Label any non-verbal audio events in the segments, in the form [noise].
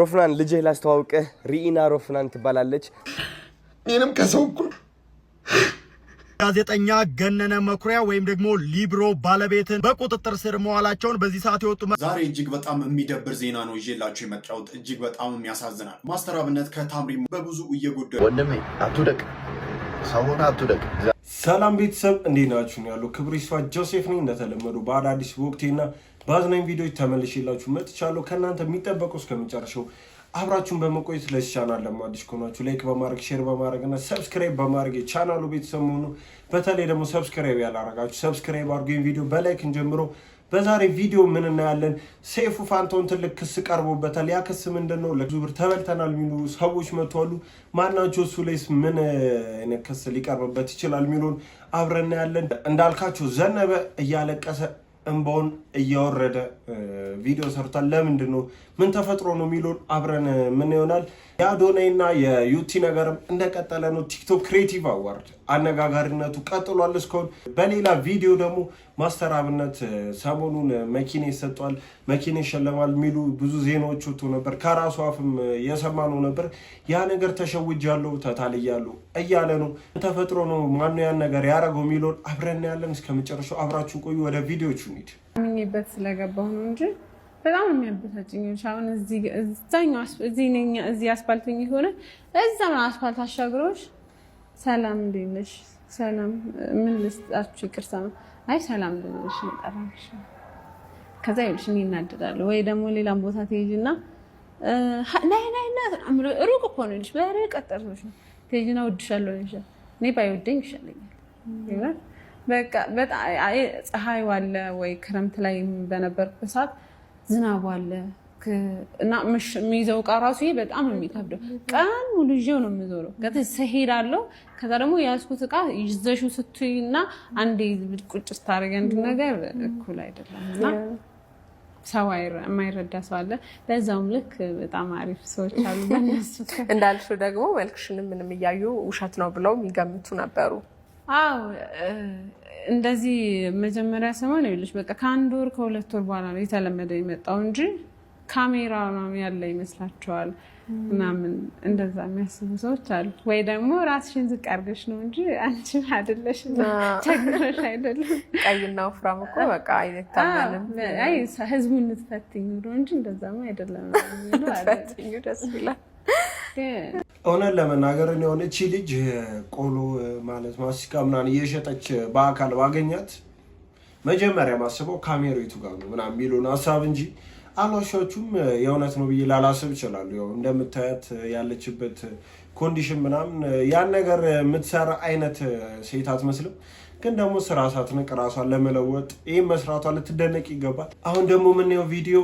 ሮፍናን ልጅህ ላስተዋውቅህ፣ ሪኢና ሮፍናን ትባላለች። ይህንም ከሰው እኩል ጋዜጠኛ ገነነ መኩሪያ ወይም ደግሞ ሊብሮ ባለቤትን በቁጥጥር ስር መዋላቸውን በዚህ ሰዓት የወጡ ዛሬ እጅግ በጣም የሚደብር ዜና ነው ይዤላችሁ የመጣሁት። እጅግ በጣም የሚያሳዝናል። ማስተር አብነት ከታምሪ በብዙ እየጎዳ ወንድሜ፣ አትውደቅ፣ ሰውን አትውደቅ። ሰላም ቤተሰብ እንዴት ናችሁ? ያለው ክብር ይስፋ ጆሴፍ ነኝ። እንደተለመዱ በአዳዲስ ወቅቴና በአዝናኝ ቪዲዮዎች ተመልሼላችሁ መጥቻለሁ። ከእናንተ የሚጠበቀው እስከ መጨረሻው አብራችሁን በመቆየት ለዚህ ቻናል ለማድሽ ከሆናችሁ ላይክ በማድረግ ሼር በማድረግ እና ሰብስክራይብ በማድረግ የቻናሉ ቤተሰብ መሆኑ በተለይ ደግሞ ሰብስክራይብ ያላረጋችሁ ሰብስክራይብ አድርጉ። ይህን ቪዲዮ በላይክን ጀምሮ በዛሬ ቪዲዮ ምን እናያለን? ሰይፉ ፋንታሁን ትልቅ ክስ ቀርቦበታል። ያ ክስ ምንድን ነው? ለብዙ ብር ተበልተናል የሚሉ ሰዎች መጥተዋሉ። ማናቸው? እሱ ላይስ ምን ክስ ሊቀርብበት ይችላል የሚሉን አብረን እናያለን። እንዳልካቸው ዘነበ እያለቀሰ እንባውን እያወረደ ቪዲዮ ሰርቷል። ለምንድን ነው ምን ተፈጥሮ ነው የሚለውን አብረን ምን ይሆናል የአዶናይና የዩቲ ነገርም እንደቀጠለ ነው። ቲክቶክ ክሬቲቭ አዋርድ አነጋጋሪነቱ ቀጥሏል። እስካሁን በሌላ ቪዲዮ ደግሞ ማስተር አብነት ሰሞኑን መኪና ይሰጧል፣ መኪና ይሸለማል የሚሉ ብዙ ዜናዎች ወጥቶ ነበር። ከራሱ አፍም የሰማ ነው ነበር። ያ ነገር ተሸውጃለሁ፣ ተታልያለሁ እያለ ነው። ተፈጥሮ ነው። ማኑ ያን ነገር ያደረገው የሚለውን አብረን ያለን እስከ መጨረሻው አብራችሁ ቆዩ። ወደ ቪዲዮቹ እንሂድ። አምኜበት ስለገባሁ ነው እንጂ በጣም ነው የሚያበሳጭኝ። አሁን እዚህ አስፋልትኝ የሆነ እዛ ምን አስፋልት አሻግሮሽ ሰላም እንዴት ነሽ? ሰላም ምን ልስጣችሁ? ይቅርታ ነው። አይ ሰላም ልልሽ መጠራሽ። ከዛ ይኸውልሽ እኔ እናደዳለሁ ወይ ደግሞ ሌላም ቦታ ትሄጂና ናይ ናይ ና ሩቅ እኮ ነው ይልሽ። በርቀት ጠርቶሽ ነው ትሄጂና እወድሻለሁ ይልሻል። እኔ ባይወደኝ ይሻለኛል። በቃ በጣም ፀሐይ ዋለ ወይ ክረምት ላይ በነበርኩ ሰዓት ዝናቡ አለ እና የሚይዘው እቃ ራሱ ይሄ በጣም ነው የሚከብደው ቀን ሙሉ ይዤው ነው የምዞረው። ከዚ ስሄዳለሁ ከዛ ደግሞ የያዝኩት እቃ ይዘሹ ስትይ እና አንዴ ቁጭ ስታደርጊ አንድ ነገር እኩል አይደለም እና ሰው የማይረዳ ሰው አለ። በዛውም ልክ በጣም አሪፍ ሰዎች አሉ። በነሱ [laughs] እንዳልሽው ደግሞ መልክሽንም ምንም እያዩ ውሸት ነው ብለው የሚገምቱ ነበሩ። አዎ እንደዚህ መጀመሪያ ሰሞን ይኸውልሽ በቃ ከአንድ ወር ከሁለት ወር በኋላ ነው የተለመደ የመጣው እንጂ ካሜራ ያለ ይመስላቸዋል ምናምን እንደዛ የሚያስቡ ሰዎች አሉ። ወይ ደግሞ ራስሽን ዝቅ አድርገሽ ነው እንጂ አንቺን አይደለሽ ቸግሮሽ አይደለም። ቀይና ወፍራም እኮ በቃ አይነታለም። ህዝቡን ልትፈትኙ ነው እንጂ እንደዛማ አይደለም። ልትፈትኙ ደስ ይላል። እውነት ለመናገር ሆነ እቺ ልጅ ቆሎ ማለት ማስቲካ ምናምን እየሸጠች በአካል ባገኛት መጀመሪያ ማስበው ካሜሬቱ ጋር ነው ምናምን የሚሉን ሀሳብ እንጂ አሏሻዎቹም የእውነት ነው ብዬ ላላስብ ይችላሉ። ያው እንደምታያት ያለችበት ኮንዲሽን ምናምን ያን ነገር የምትሰራ አይነት ሴት አትመስልም። ግን ደግሞ ስራ ሳትንቅ ራሷን ለመለወጥ ይህም መስራቷ ልትደነቅ ይገባል። አሁን ደግሞ የምናየው ቪዲዮ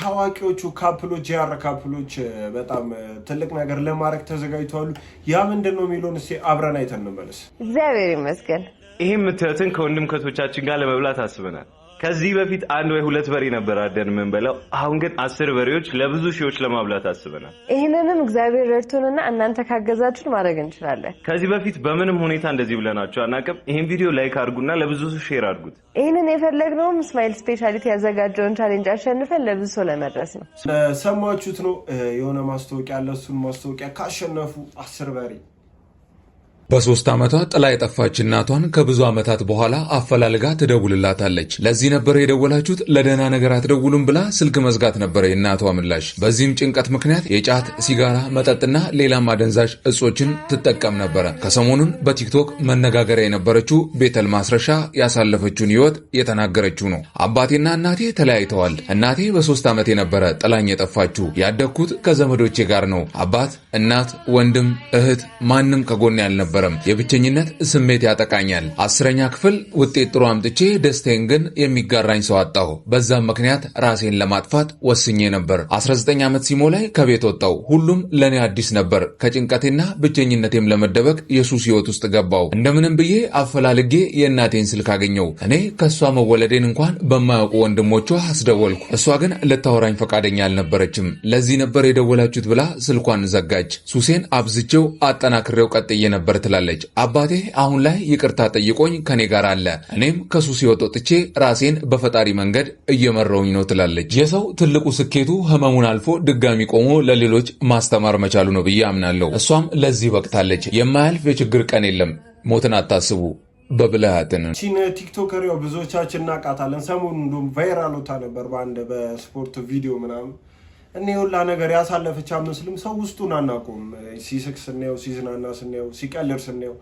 ታዋቂዎቹ ካፕሎች የአር ካፕሎች በጣም ትልቅ ነገር ለማድረግ ተዘጋጅተዋሉ። ያ ምንድን ነው የሚለውን እስኪ አብረን አይተን እንመለስ። እግዚአብሔር ይመስገን። ይህ የምትያትን ከወንድም ከቶቻችን ጋር ለመብላት አስበናል። ከዚህ በፊት አንድ ወይ ሁለት በሬ ነበር አደን የምንበላው። አሁን ግን አስር በሬዎች ለብዙ ሺዎች ለማብላት አስበናል። ይህንንም እግዚአብሔር ረድቶንና እናንተ ካገዛችሁን ማድረግ እንችላለን። ከዚህ በፊት በምንም ሁኔታ እንደዚህ ብለናቸው አናውቅም። ይህን ቪዲዮ ላይክ አድርጉና ለብዙ ሼር አድርጉት። ይህንን የፈለግነውም ስማይል ስፔሻሊቲ ያዘጋጀውን ቻሌንጅ አሸንፈን ለብዙ ሰው ለመድረስ ነው። ሰማችሁት ነው የሆነ ማስታወቂያ ያለ እሱን ማስታወቂያ ካሸነፉ አስር በሬ በሶስት ዓመቷ ጥላ የጠፋች እናቷን ከብዙ ዓመታት በኋላ አፈላልጋ ትደውልላታለች። ለዚህ ነበር የደወላችሁት ለደህና ነገር አትደውሉም ብላ ስልክ መዝጋት ነበረ የእናቷ ምላሽ። በዚህም ጭንቀት ምክንያት የጫት ሲጋራ፣ መጠጥና ሌላም አደንዛዥ እጾችን ትጠቀም ነበረ። ከሰሞኑን በቲክቶክ መነጋገሪያ የነበረችው ቤተል ማስረሻ ያሳለፈችውን ሕይወት የተናገረችው ነው። አባቴና እናቴ ተለያይተዋል። እናቴ በሶስት ዓመቴ ነበረ ጥላኝ የጠፋችሁ። ያደግኩት ከዘመዶቼ ጋር ነው። አባት፣ እናት፣ ወንድም፣ እህት ማንም ከጎን ያልነበር አልነበረም። የብቸኝነት ስሜት ያጠቃኛል። አስረኛ ክፍል ውጤት ጥሩ አምጥቼ ደስታን ግን የሚጋራኝ ሰው አጣሁ። በዛም ምክንያት ራሴን ለማጥፋት ወስኜ ነበር። 19 ዓመት ላይ ከቤት ወጣው፣ ሁሉም ለእኔ አዲስ ነበር። ከጭንቀቴና ብቸኝነቴም ለመደበቅ የሱስ ህይወት ውስጥ ገባው እንደምንም ብዬ አፈላልጌ የእናቴን ስልክ አገኘው። እኔ ከእሷ መወለዴን እንኳን በማያውቁ ወንድሞቿ አስደወልኩ። እሷ ግን ልታወራኝ ፈቃደኛ አልነበረችም። ለዚህ ነበር የደወላችሁት ብላ ስልኳን ዘጋች። ሱሴን አብዝቼው አጠናክሬው ቀጥዬ ነበር ትላለች። አባቴ አሁን ላይ ይቅርታ ጠይቆኝ ከኔ ጋር አለ። እኔም ከሱስ ሲወጥጥቼ ወጥቼ ራሴን በፈጣሪ መንገድ እየመራውኝ ነው ትላለች። የሰው ትልቁ ስኬቱ ህመሙን አልፎ ድጋሚ ቆሞ ለሌሎች ማስተማር መቻሉ ነው ብዬ አምናለሁ። እሷም ለዚህ በቅታለች። የማያልፍ የችግር ቀን የለም። ሞትን አታስቡ በብልሃትን ቺን ቲክቶከሪው ብዙዎቻችን እናቃታለን። ሰሞኑን እንደውም ቫይራል ነበር በአንድ በስፖርት ቪዲዮ ምናምን እኔ ሁላ ነገር ያሳለፈች አመስልም። ሰው ውስጡን አናቁም ሲስቅ ስናየው፣ ሲዝናና ስናየው፣ ሲቀልድ ስናየው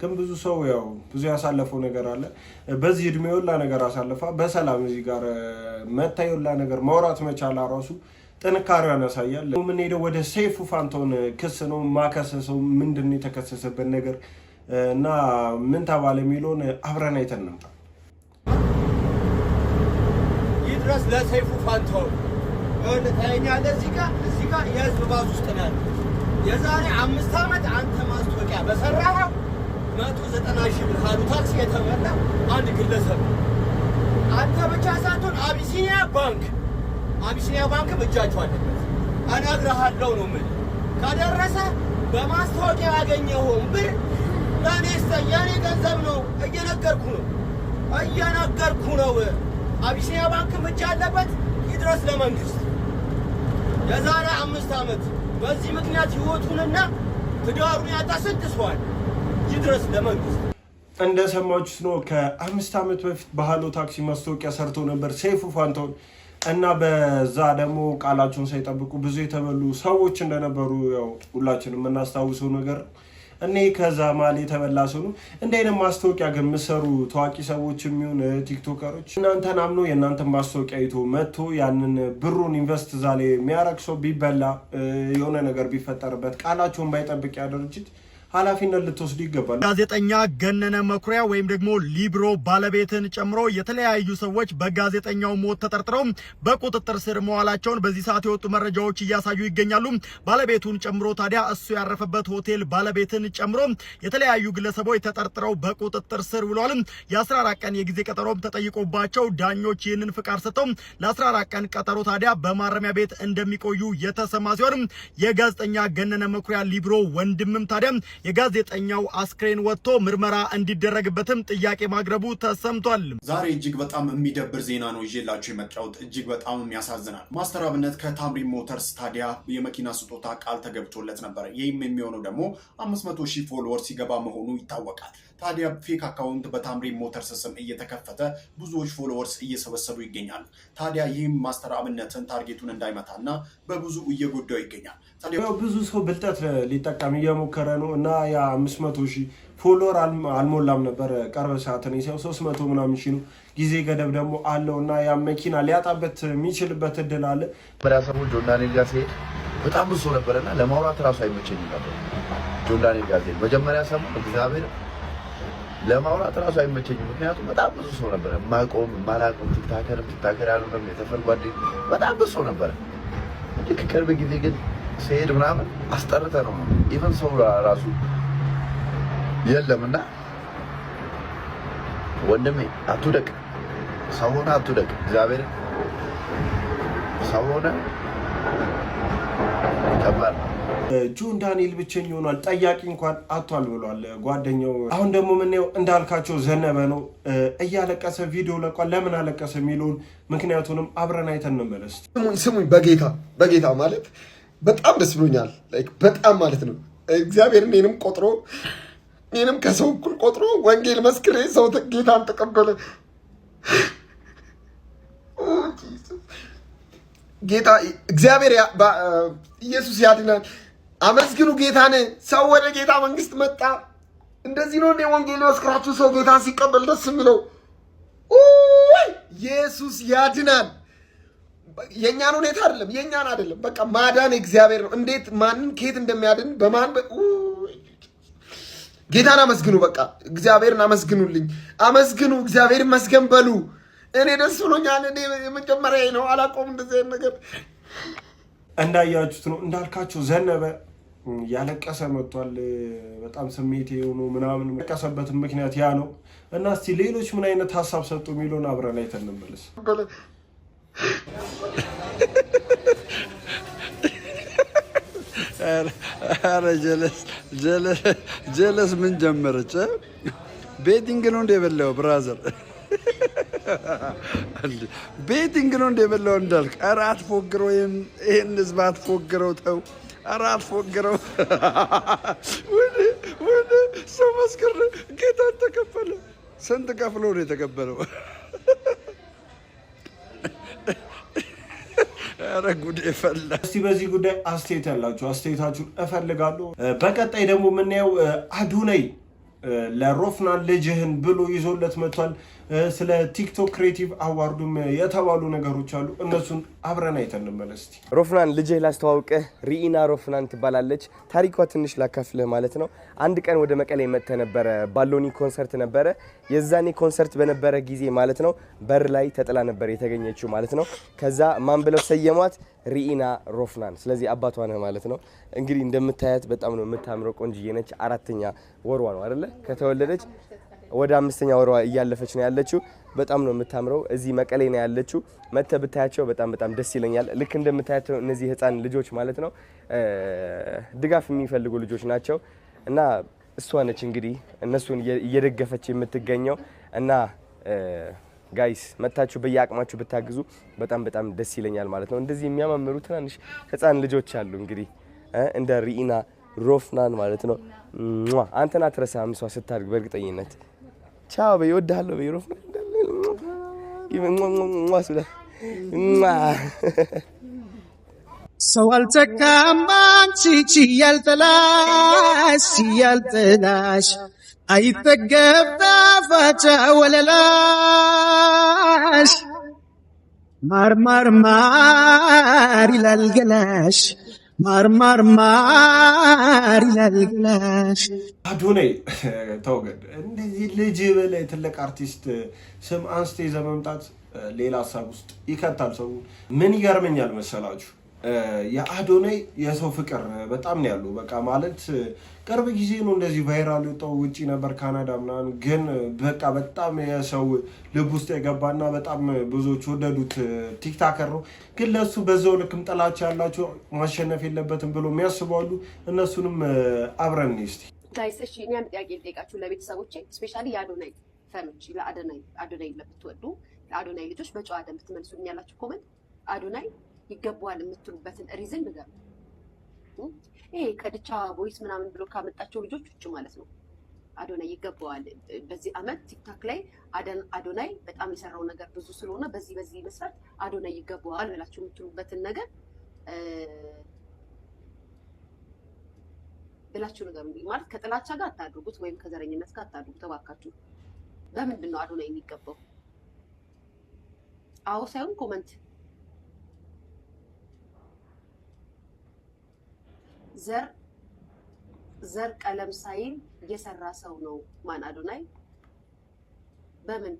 ግን ብዙ ሰው ያው ብዙ ያሳለፈው ነገር አለ። በዚህ እድሜ ሁላ ነገር አሳልፋ በሰላም እዚህ ጋር መታ ሁላ ነገር ማውራት መቻላ ራሱ ጥንካሬዋን ያሳያል። የምንሄደው ወደ ሰይፉ ፋንታሁን ክስ ነው። ማከሰሰው ምንድን ነው የተከሰሰበት ነገር እና ምን ተባለ የሚለውን አብረን አይተን ይህ ድረስ ለሰይፉ ፋንታሁን ይኸውልህ ታየኛለህ እዚህ ጋር እዚህ ጋር የህዝብ ባዝ ውስጥ ነው ያለው። የዛሬ አምስት ዓመት አንተ ማስታወቂያ በሰራኸው መቶ ዘጠና ሺህ ብር ካሉ ታክሲ አንድ ግለሰብ አንተ ብቻ ሳትሆን አቢሲኒያ ባንክ አቢሲኒያ ባንክም አለበት። እነግርሃለሁ ነው የምልህ ከደረሰ በማስታወቂያ ያገኘኸውን ብር ለእኔ ስጠኝ። የእኔ ገንዘብ ነው። እየነገርኩ ነው እየነገርኩ ነው። አቢሲኒያ ባንክም እጅ አለበት። ይድረስ ለመንግስት የዛሬ አምስት ዓመት በዚህ ምክንያት ህይወቱንና ትዳሩን ያጣ ስድስዋል ይድረስ ለመንግስት። እንደሰማችሁት ነው። ከአምስት ዓመት በፊት ባህሎ ታክሲ ማስታወቂያ ሰርቶ ነበር ሰይፉ ፋንታሁን እና በዛ ደግሞ ቃላቸውን ሳይጠብቁ ብዙ የተበሉ ሰዎች እንደነበሩ ያው ሁላችንም የምናስታውሰው ነገር ነው። እኔ ከዛ ማል የተበላ ሰው ነው። እንዲህ አይነት ማስታወቂያ ግን የምትሰሩ ታዋቂ ሰዎች የሚሆን ቲክቶከሮች እናንተን አምኖ የእናንተን ማስታወቂያ ይቶ መጥቶ ያንን ብሩን ኢንቨስት ዛሌ የሚያረግ ሰው ቢበላ የሆነ ነገር ቢፈጠርበት ቃላቸውን ባይጠብቅ ያ ድርጅት ኃላፊነት ልትወስዱ ይገባል። ጋዜጠኛ ገነነ መኩሪያ ወይም ደግሞ ሊብሮ ባለቤትን ጨምሮ የተለያዩ ሰዎች በጋዜጠኛው ሞት ተጠርጥረው በቁጥጥር ስር መዋላቸውን በዚህ ሰዓት የወጡ መረጃዎች እያሳዩ ይገኛሉ። ባለቤቱን ጨምሮ ታዲያ እሱ ያረፈበት ሆቴል ባለቤትን ጨምሮ የተለያዩ ግለሰቦች ተጠርጥረው በቁጥጥር ስር ውሏል። የ14 ቀን የጊዜ ቀጠሮም ተጠይቆባቸው ዳኞች ይህንን ፍቃድ ሰጥተው ለ14 ቀን ቀጠሮ ታዲያ በማረሚያ ቤት እንደሚቆዩ የተሰማ ሲሆን የጋዜጠኛ ገነነ መኩሪያ ሊብሮ ወንድምም ታዲያ የጋዜጠኛው አስክሬን ወጥቶ ምርመራ እንዲደረግበትም ጥያቄ ማቅረቡ ተሰምቷል። ዛሬ እጅግ በጣም የሚደብር ዜና ነው ይዤላችሁ የመጣሁት። እጅግ በጣም የሚያሳዝናል። ማስተር አብነት ከታምሪን ሞተርስ ታዲያ የመኪና ስጦታ ቃል ተገብቶለት ነበረ። ይህም የሚሆነው ደግሞ 500 ሺህ ፎሎወር ሲገባ መሆኑ ይታወቃል። ታዲያ ፌክ አካውንት በታምሪ ሞተርስ ስም እየተከፈተ ብዙዎች ፎሎወርስ እየሰበሰቡ ይገኛሉ። ታዲያ ይህም ማስተር አብነትን ታርጌቱን እንዳይመታና በብዙ እየጎዳው ይገኛል። ብዙ ሰው ብልጠት ሊጠቀም እየሞከረ ነው እና ያ አምስት መቶ ሺህ ፎሎወር አልሞላም ነበር ቀርበ ሰዓት ነው ሲያው ሶስት መቶ ምናምን ሺህ ነው። ጊዜ ገደብ ደግሞ አለው እና ያ መኪና ሊያጣበት የሚችልበት እድል አለ። ሰቡ ጆርዳኔል ጋር ሲሄድ በጣም ብሶ ነበረና ለማውራት ራሱ አይመቸኝም ነበር። ጆርዳኔል ጋር ሲሄድ መጀመሪያ ሰሙ እግዚአብሔር ለማውራት ራሱ አይመቸኝም። ምክንያቱም በጣም ብዙ ሰው ነበረ፣ ማቆም ማላቆም ትታከርም ትታከር ያሉ የተፈር ጓደኝ በጣም ብዙ ሰው ነበረ። ልክ ቅርብ ጊዜ ግን ሲሄድ ምናምን አስጠርተ ነው ኢቨን ሰው ራሱ የለምና፣ እና ወንድሜ አትውደቅ፣ ሰው ሆነ አትውደቅ። እግዚአብሔር ሰው ሆነ ከባድ ጁን ዳንኤል ብቸኝ ሆኗል። ጠያቂ እንኳን አቷል ብሏል ጓደኛው። አሁን ደግሞ ምንየው እንዳልካቸው ዘነበ ነው። እያለቀሰ ቪዲዮ ለቋል። ለምን አለቀሰ የሚለውን ምክንያቱንም አብረን አይተን እንመለስ። ስሙኝ ስሙኝ፣ በጌታ በጌታ ማለት በጣም ደስ ብሎኛል። በጣም ማለት ነው። እግዚአብሔር እኔንም ቆጥሮ እኔንም ከሰው እኩል ቆጥሮ ወንጌል መስክሬ ሰው ጌታን ተቀበለ። ጌታ እግዚአብሔር ኢየሱስ ያድናል። አመስግኑ ጌታን። ሰው ወደ ጌታ መንግስት መጣ። እንደዚህ ነው እኔ ወንጌል መስክራችሁ ሰው ጌታን ሲቀበል ደስ የሚለው። ኢየሱስ ያድናል። የእኛን ሁኔታ አይደለም፣ የእኛን አይደለም። በቃ ማዳን እግዚአብሔር ነው። እንዴት ማንን ከየት እንደሚያድን በማን ጌታን አመስግኑ። በቃ እግዚአብሔርን አመስግኑልኝ፣ አመስግኑ። እግዚአብሔር ይመስገን በሉ። እኔ ደስ ብሎኛል። እኔ የመጀመሪያ ነው። አላቆም እንደዚህ አይነት ነገር እንዳያችሁት ነው። እንዳልካቸው ዘነበ ያለቀሰ መጥቷል። በጣም ስሜት የሆኑ ምናምን ያለቀሰበትን ምክንያት ያ ነው እና እስቲ ሌሎች ምን አይነት ሀሳብ ሰጡ የሚለውን አብረን አይተን እንመለስ። ኧረ ጀለስ ጀለስ ምን ጀመረች? ቤቲንግ ነው እንደ የበላው ብራዘር፣ ቤቲንግ ነው እንደ የበላው እንዳልክ። ኧረ አትፎግረው፣ ይህን ህዝብ አትፎግረው፣ ተው፣ ኧረ አትፎግረው። ሰው መስክር፣ ጌታን ተከፈለ። ስንት ከፍሎ ነው የተቀበለው? ኧረ ጉድ ፈላ። እስቲ በዚህ ጉዳይ አስተያየት ያላችሁ አስተያየታችሁን እፈልጋለሁ። በቀጣይ ደግሞ የምናየው አዶናይ ለሮፍናን ልጅህን ብሎ ይዞለት መጥቷል። ስለ ቲክቶክ ክሬቲቭ አዋርዱም የተባሉ ነገሮች አሉ። እነሱን አብረን አይተን እንመለስ። ሮፍናን ልጅህ ላስተዋውቅህ፣ ሪኢና ሮፍናን ትባላለች። ታሪኳ ትንሽ ላካፍልህ ማለት ነው። አንድ ቀን ወደ መቀሌ መጥተህ ነበረ። ባሎኒ ኮንሰርት ነበረ። የዛኔ ኮንሰርት በነበረ ጊዜ ማለት ነው በር ላይ ተጥላ ነበር የተገኘችው ማለት ነው። ከዛ ማን ብለው ሰየሟት? ሪኢና ሮፍናን። ስለዚህ አባቷ ነህ ማለት ነው። እንግዲህ እንደምታያት በጣም ነው የምታምረው። ቆንጅዬ ነች። አራተኛ ወሯ ነው አይደለ ከተወለደች ወደ አምስተኛ ወሯ እያለፈች ነው ያለችው። በጣም ነው የምታምረው። እዚህ መቀሌ ነው ያለችው። መተ ብታያቸው በጣም በጣም ደስ ይለኛል። ልክ እንደምታያቸው እነዚህ ህፃን ልጆች ማለት ነው ድጋፍ የሚፈልጉ ልጆች ናቸው እና እሷ ነች እንግዲህ እነሱን እየደገፈች የምትገኘው እና ጋይስ መታችሁ በየአቅማችሁ ብታግዙ በጣም በጣም ደስ ይለኛል ማለት ነው። እንደዚህ የሚያማምሩ ትናንሽ ህፃን ልጆች አሉ እንግዲህ እንደ ሪኢና ሮፍናን ማለት ነው። አንተን አትረሳም ምሷ ስታድግ በእርግጠኝነት ቻው በይ እወድሃለሁ በይ ሮፍ ሰው አልተካም አንቺ ችያልጠላሽ ችያልጠላሽ አይጠገብ ጣፋጫ ወለላሽ ማር ማር ማር ይላል ገላሽ ማርማርማር ይላል ግላሽ አዶናይ ተውገድ። እንደዚህ ልጅ በላይ ትልቅ አርቲስት ስም አንስቴ ይዘህ ሌላ ሀሳብ ውስጥ ይከታል ሰው። ምን ይገርመኛል መሰላችሁ የአዶናይ የሰው ፍቅር በጣም ነው ያለው። በቃ ማለት ቅርብ ጊዜ ነው እንደዚህ ቫይራል ወጣው። ውጪ ነበር ካናዳ ምናምን፣ ግን በቃ በጣም የሰው ልብ ውስጥ የገባና በጣም ብዙዎች ወደዱት ቲክታከር ነው። ግን ለእሱ በዛው ልክም ጥላቻ ያላቸው ማሸነፍ የለበትም ብሎ የሚያስባሉ እነሱንም አብረን እስቲ ጋይስ። እሺ እኛም ጥያቄ ልጠይቃችሁ ለቤተሰቦቼ፣ ስፔሻሊ የአዶናይ ፈኖች ለአዶናይ አዶናይ ለምትወዱ ለአዶናይ ልጆች በጨዋ ደንብ ትመልሱልኛላችሁ ኮመንት አዶናይ ይገባዋል የምትሉበትን ሪዝን ንገሩ። ይሄ ከድቻ ቦይስ ምናምን ብሎ ካመጣቸው ልጆች ውጭ ማለት ነው። አዶናይ ይገባዋል። በዚህ አመት ቲክታክ ላይ አዶናይ በጣም የሰራው ነገር ብዙ ስለሆነ በዚህ በዚህ መስራት አዶናይ ይገባዋል ብላችሁ የምትሉበትን ነገር ብላችሁ ነገር ማለት ከጥላቻ ጋር አታድርጉት፣ ወይም ከዘረኝነት ጋር አታድርጉት። ተባካችሁ በምንድን ነው አዶናይ የሚገባው? አዎ ሳይሆን ኮመንት ዘር ዘር ቀለም ሳይል የሰራ ሰው ነው ማን አዶናይ። በምን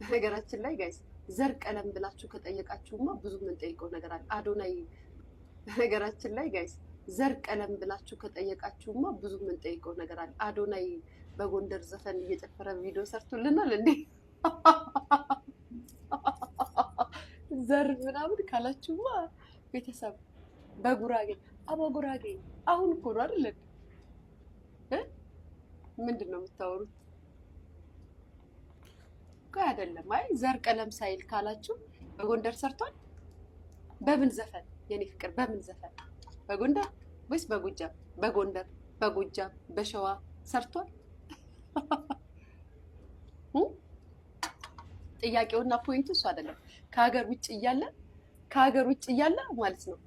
በነገራችን ላይ ጋይስ ዘር ቀለም ብላችሁ ከጠየቃችሁማ ብዙ የምንጠይቀው ነገር አለ። አዶናይ በነገራችን ላይ ጋይስ ዘር ቀለም ብላችሁ ከጠየቃችሁማ ብዙ የምንጠይቀው ነገር አለ። አዶናይ በጎንደር ዘፈን እየጨፈረ ቪዲዮ ሰርቶልናል እንዴ? [laughs] ዘር ምናምን ካላችሁማ ቤተሰብ በጉራጌ አበጉራጌ አሁን እኮ ነው ምንድን ነው የምታወሩት? እኮ አይደለም። አይ ዘር ቀለም ሳይል ካላችሁ በጎንደር ሰርቷል። በምን ዘፈን የኔ ፍቅር፣ በምን ዘፈን በጎንደር ወይስ በጎጃም? በጎንደር በጎጃም በሸዋ ሰርቷል። ጥያቄውና ፖይንቱ እሱ አይደለም። ከሀገር ውጭ እያለ ከሀገር ውጭ እያለ ማለት ነው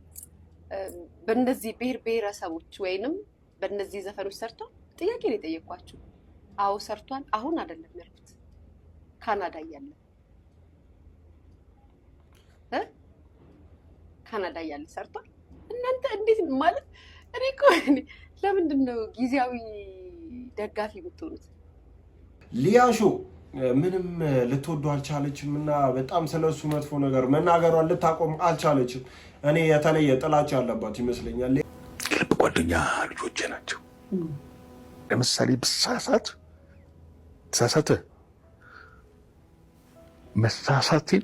በእነዚህ ብሔር ብሔረሰቦች ወይንም በእነዚህ ዘፈኖች ሰርቶ ጥያቄ ነው የጠየኳችሁ። አዎ ሰርቷል። አሁን አይደለም ያልኩት ካናዳ እያለ ካናዳ እያለ ሰርቷል። እናንተ እንዴት ማለት እኔ እኮ ለምንድን ነው ጊዜያዊ ደጋፊ የምትሆኑት? ሊያሾ ምንም ልትወዱ አልቻለችም እና በጣም ስለሱ መጥፎ ነገር መናገሯን ልታቆም አልቻለችም። እኔ የተለየ ጥላቻ ያለባት ይመስለኛል። ልብ ጓደኛ ልጆቼ ናቸው። ለምሳሌ ብሳሳት ተሳሳተ መሳሳቴን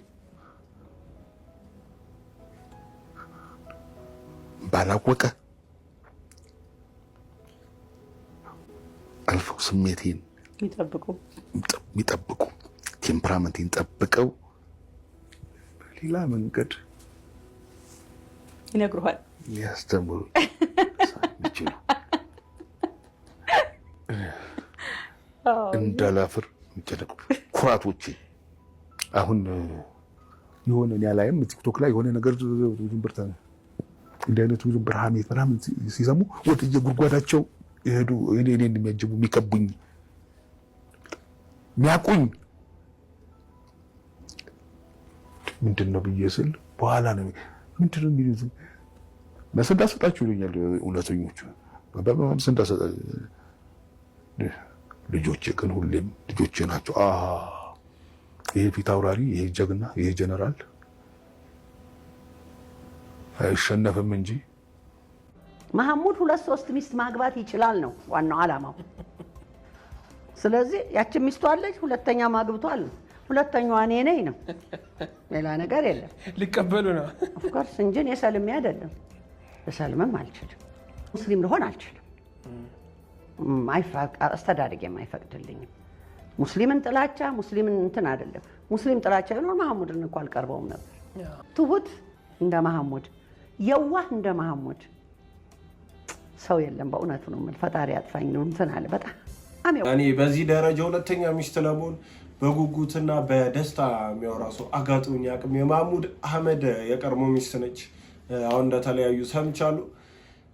ባላወቀ አልፎ ስሜቴን የሚጠብቁ ቴምፕራመንቴን ጠብቀው በሌላ መንገድ ይነግሩሃል፣ ሊያስተምሩ እንዳላፍር የሚጨነቁ ኩራቶቼ አሁን የሆነ እኔ ላይም ቲክቶክ ላይ የሆነ ነገር ውዝንብርታ እንዲህ አይነቱ ውዝንብር ሀሜት ምናምን ሲሰሙ ወደ የጉድጓዳቸው የሄዱ እኔ የሚያጅቡ የሚከቡኝ ሚያቁኝ ምንድን ነው ብዬ ስል በኋላ ነው ምንድን ነው የሚሉት መስ እንዳሰጣችሁ ይሉኛል። እውነተኞቹ በመስ እንዳሰጣችሁ ልጆች ግን ሁሌም ልጆች ናቸው። ይሄ ፊት አውራሪ፣ ይሄ ጀግና፣ ይሄ ጀነራል አይሸነፍም እንጂ መሐሙድ ሁለት ሶስት ሚስት ማግባት ይችላል ነው ዋናው አላማው። ስለዚህ ያቺ ሚስቱ አለች፣ ሁለተኛ አለ። ሁለተኛዋ እኔ ነኝ ነው፣ ሌላ ነገር የለም። ሊቀበሉ ነው ኦፍኮርስ እንጂ እኔ ሰልሜ አይደለም። ልሰልምም አልችልም። ሙስሊም ልሆን አልችልም። አስተዳደጌም አይፈቅድልኝም። ሙስሊምን ጥላቻ ሙስሊምን እንትን አይደለም። ሙስሊም ጥላቻ ቢኖር መሐሙድን እንኳ አልቀርበውም ነበር። ትሁት እንደ መሐሙድ፣ የዋህ እንደ መሐሙድ ሰው የለም። በእውነቱ ነው የምልህ። ፈጣሪ አጥፋኝ ነው እንትን አለ በጣም ፍጻሜው። እኔ በዚህ ደረጃ ሁለተኛ ሚስት ለመሆን በጉጉትና በደስታ የሚያወራ ሰው አጋጥሞኝ አቅም የማህሙድ አህመድ የቀድሞ ሚስት ነች፣ አሁን እንደተለያዩ ሰምቻሉ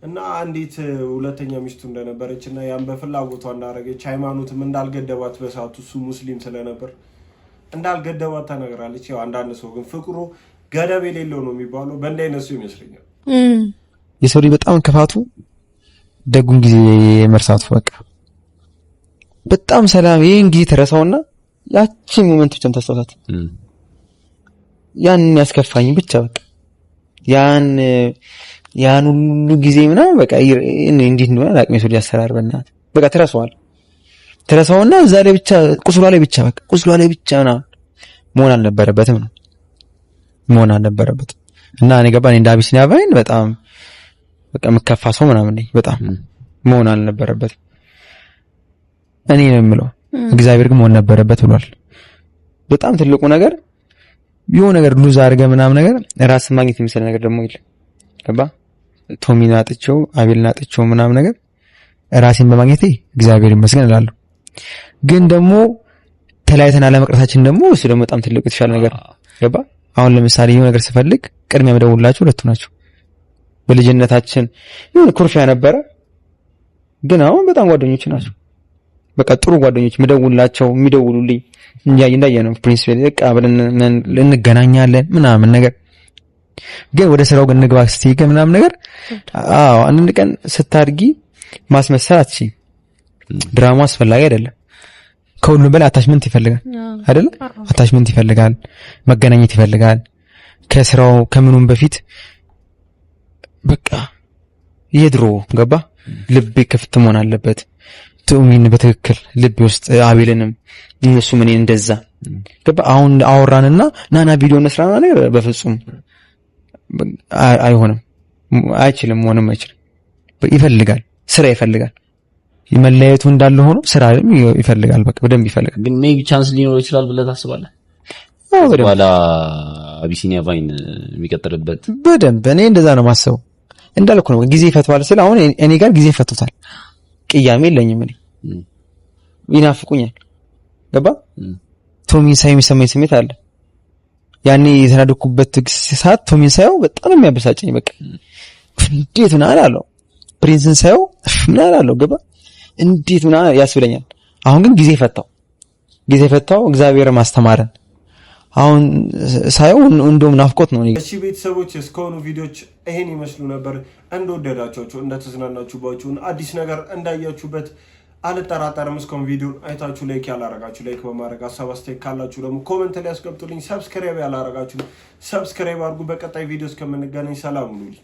እና አንዲት ሁለተኛ ሚስቱ እንደነበረች እና ያን በፍላጎቷ እንዳደረገች ሃይማኖትም እንዳልገደባት በሰዓቱ እሱ ሙስሊም ስለነበር እንዳልገደባት ተነግራለች። ያው አንዳንድ ሰው ግን ፍቅሩ ገደብ የሌለው ነው የሚባለው በእንዲህ አይነት ሰው ይመስለኛል። የሰው ልጅ በጣም ክፋቱ ደጉን ጊዜ መርሳቱ በቃ በጣም ሰላም ይህን ጊዜ ተረሳውና ያቺን ሞመንት ብቻ ተስተውታት ያን ያስከፋኝ ብቻ በቃ ያን ያን ሁሉ ጊዜ ምናምን በቃ እንዲህ እንደሆነ አላቅም። የሰው ልጅ አሰራር በእናትህ በቃ ትረሳዋለህ። ትረሳውና እዛ ላይ ብቻ ቁስሏ ላይ ብቻ በቃ ቁስሏ ላይ ብቻ ምናምን መሆን አልነበረበትም ነው መሆን አልነበረበትም። እና እኔ ገባ እኔ እንደ አቢሲኒያ ባይን በጣም በቃ የምከፋ ሰው ምናምን ነኝ። በጣም መሆን አልነበረበትም። እኔ ነው የምለው። እግዚአብሔር ግን መሆን ነበረበት ብሏል። በጣም ትልቁ ነገር የሆነ ነገር ሉዝ አድርገህ ምናምን ነገር ራስ ማግኘት የሚመስል ነገር ደግሞ ይል ገባ ቶሚን አጥቼው አቤልን አጥቼው ምናምን ነገር ራሴን በማግኘቴ እግዚአብሔር ይመስገን እላለሁ። ግን ደግሞ ተለያይተን አለመቅረታችን ደግሞ እሱ ደግሞ በጣም ትልቁ የተሻለ ነገር ገባ አሁን ለምሳሌ የሆነ ነገር ስፈልግ ቅድሚያ የምደውልላቸው ሁለቱ ናቸው። በልጅነታችን የሆነ ኩርፊያ ነበረ፣ ግን አሁን በጣም ጓደኞች ናቸው። በቃ ጥሩ ጓደኞች ምደውላቸው የሚደውሉልኝ እንዳየ እንዳየ ነው። ፕሪንሲፕል በቃ ብለን እንገናኛለን ምናምን ነገር ግን ወደ ስራው ግን ንግባ ምናምን ነገር አዎ፣ አንድ ቀን ስታድጊ ማስመሰል አትችይም። ድራማ አስፈላጊ አይደለም። ከሁሉም በላይ አታችመንት ይፈልጋል አይደለ? አታችመንት ይፈልጋል፣ መገናኘት ይፈልጋል። ከስራው ከምኑም በፊት በቃ የድሮ ገባ ልቤ ክፍት መሆን አለበት። ትኡሚን በትክክል ልቤ ውስጥ አቤልንም እነሱ ምን እንደዛ ገባ። አሁን አወራንና ናና ቪዲዮ እንስራ ነገር በፍጹም አይሆንም፣ አይችልም፣ ሆንም አይችልም። ይፈልጋል፣ ስራ ይፈልጋል። መለያየቱ እንዳለ ሆኖ ስራ ይፈልጋል። በቃ በደንብ ይፈልጋል። ግን ሜይ ቻንስ ሊኖር ይችላል ብለህ ታስባለህ? በኋላ አቢሲኒያ ቫይን የሚቀጥልበት በደንብ እኔ እንደዛ ነው ማሰቡ። እንዳልኩ ነው ጊዜ ይፈቷል ስለ አሁን እኔ ጋር ጊዜ ይፈቱታል። ቅያሜ የለኝም እኔ ይናፍቁኛል። ገባ ቶሚን ሳይ የሚሰማኝ ስሜት አለ። ያኔ የተናደኩበት ሰዓት ቶሚን ሳየው በጣም የሚያበሳጨኝ በቃ እንዴት ምናምን አለው። ፕሪንስን ሳየው ምናምን አለው። ገባ እንዴት ምናምን ያስብለኛል። አሁን ግን ጊዜ ፈታው፣ ጊዜ ፈታው እግዚአብሔር ማስተማረን አሁን ሳየው እንደውም ናፍቆት ነው። እሺ ቤተሰቦች እስከሆኑ ቪዲዮች ይሄን ይመስሉ ነበር። እንደወደዳቸው እንደተዝናናችሁባችሁን አዲስ ነገር እንዳያችሁበት አልጠራጠርም። እስከም ቪዲዮ አይታችሁ ላይክ ያላረጋችሁ ላይክ በማድረግ ሀሳብ አስተያየት ካላችሁ ደግሞ ኮመንት ላይ ያስገብጡልኝ። ሰብስክራይብ ያላረጋችሁ ሰብስክራይብ አድርጉ። በቀጣይ ቪዲዮ እስከምንገናኝ ሰላም ሁኑልኝ።